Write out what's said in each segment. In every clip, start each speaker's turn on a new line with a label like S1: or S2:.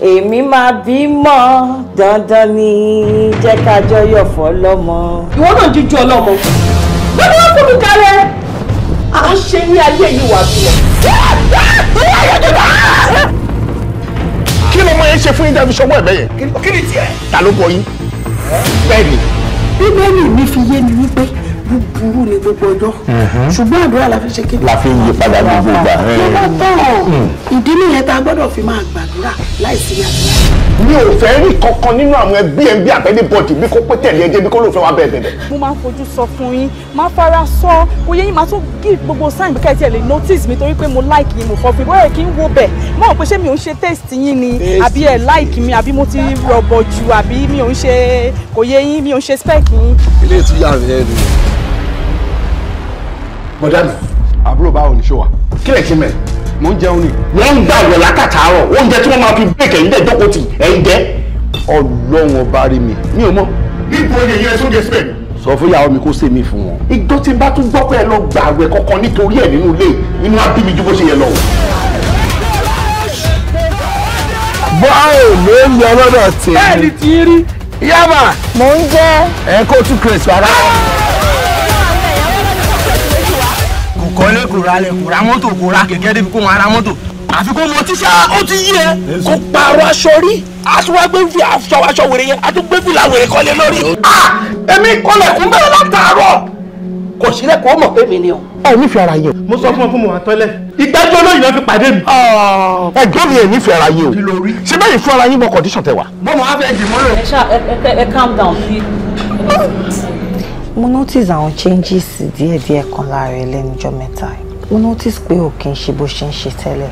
S1: èmi máa bímọ dandan ni jẹ́ ká jọ yọ̀ fọ́ lọ́mọ. ìwọ náà jíjú ọlọ́mọ lọ́dún wọn fún mi kálẹ̀ à ń ṣe ní ayé yìí wà bímọ. kí ni ọmọ yẹn ṣe fún yín dábí sọgbọ́n ẹ̀bẹ̀ yẹn. kí ni tiẹ̀. ta ló kọ yín. bẹ́ẹ̀ ni. bíbélì mi fi yé mi wípé búburú ni gbogbo ọjọ́ ṣùgbọ́n àdúrà la fi ṣe kékeré. la fi ń yí padà gbogbo ìgbà gbọ́dọ̀ fi máa gbàdúrà láìsí àdúrà. mi ò fẹ́ rí kankan nínú àwọn ẹbí ẹbí àtẹ́lẹ́ bọ́ọ̀dì bí kò pé tẹ̀lé ẹjẹ́ bí kò ló fẹ́ wá bẹ́ẹ̀ bẹ́ẹ̀. mo máa ń fojú sọ fún yín máa fara sọ kò yẹ yín máa tún gí gbogbo sign kẹ́ tiẹ̀ lè notice mi torí pé mo like yín mo fọ́ fi bóyá kí n wo bẹ̀ mọ̀ pé ṣé mi ò ń ṣe taste yín ni àbí ẹ like mi àbí mo ti rọ̀bọ̀ jù àbí mi ò ń ṣe kò yẹ yín mi ò ń ṣe spec yín. ilé ìtúyà rẹ̀ ni. bọ̀dá àbúrò báwo ni ṣó wà kí lè kí mẹ́rin mò ń jẹun ni. wọ́n ń gbàwẹ̀ lákàtàárọ̀ oúnjẹ tí wọ́n máa fi bẹ́ẹ̀kẹ̀ ń dẹ̀ jókòó tì ẹ̀ ń jẹ́. ọlọ́run ọba rí mi mi ò mọ̀. níbo ni èyí ẹ tó jẹ síbẹ̀ ni. sọ fún ìyàwó mi kó ṣe mí fún wọn. ìjọ tí n bá tún gbọ́ pé ẹ lọ gbàwẹ̀ kankan nítorí ẹ̀ nínú ilé inú á bí mi ju bó ṣe yẹ lọ. báwo ló ń yọ lọ́dọ̀ tèmi. bẹ́ẹ̀ ni ti rí. yàrá. mò ń jẹ́. ẹ kó tún kìrìsì rárá. Ah! kọ́lé kò ra lẹ̀ kò ra mọ́tò kò ra kẹ̀kẹ́ débi kó máa ra mọ́tò àfi kó mọ tíṣà ó ti yí ẹ e. kó pààrọ̀ aṣọ rí aṣọwágbé fi aṣọ aṣọ wèrè yẹn àtúgbé fìlà wèrè kọ́lé lórí. èmi kọlẹ̀kùn bẹ́ẹ̀ látàárọ̀ kò sílẹ̀ kó mọ̀ pé mi ni o. ẹ nífẹ̀ẹ́ ara yẹn o. mo sọ fún ọ fún mi wà tọ́lẹ̀. ìgbẹ́jọ́ olóyìn náà fi pàdé mi. ẹgbẹ́ mi ẹ̀ nífẹ̀ẹ́ ara yẹn o. ṣé bẹ́ẹ̀ fún ara yín mọ condition tẹ wà. mo máa fẹ́ dì mọ́lẹ̀. ẹ ṣá ẹ calm down mo notice àwọn changes díẹ̀díẹ̀ kan lára ẹ lẹ́nujọ́ mẹ́ta mo notice pé ò kí n ṣe bó ṣe ń ṣe tẹ́lẹ̀.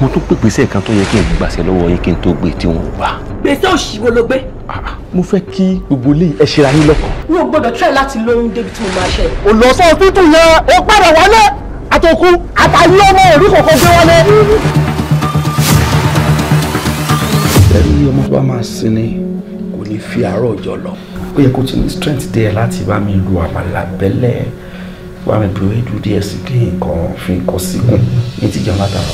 S1: mo tún pèpèsè kan tó yẹ kí n gbàṣẹ lọ́wọ́ yín kí n tó gbé tí wọ́n wà. gbèsè òṣìwò ló gbé. Ah, ah, mo fẹ́ kí gbogbo ilé ẹ ṣe ra yín lọ́kàn. mi ò gbọdọ̀ try láti lóyún débi tí mo máa ṣe. ò lọ sọ tútù yẹn ó padà wálé àtòkù àtàlẹ́ ọmọ òrí kọ̀ọ̀kan gbé wálé. ẹ̀rí ọmọ bá máa sinmi kò ní fi àárọ̀ ọjọ́ lọ ó yẹ kó ti ní strength díẹ̀ láti bá mi lu àmàlà bẹ́lẹ̀ bá mi bu eédú díẹ̀ sí kí nǹkan fi nǹkan síkùn ní ti jẹun látara.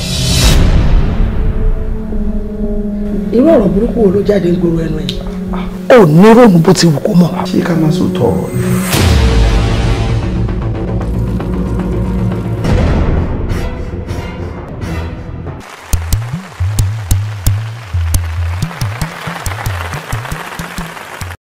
S1: irú ọ̀rọ̀ burúkú wo ló jáde ń gbòòrò ẹnu ẹ̀. Ah, ó ní ròmù bó ti wù kó mọ̀. ṣé ká má sòótọ́ ọ̀rọ̀ yìí.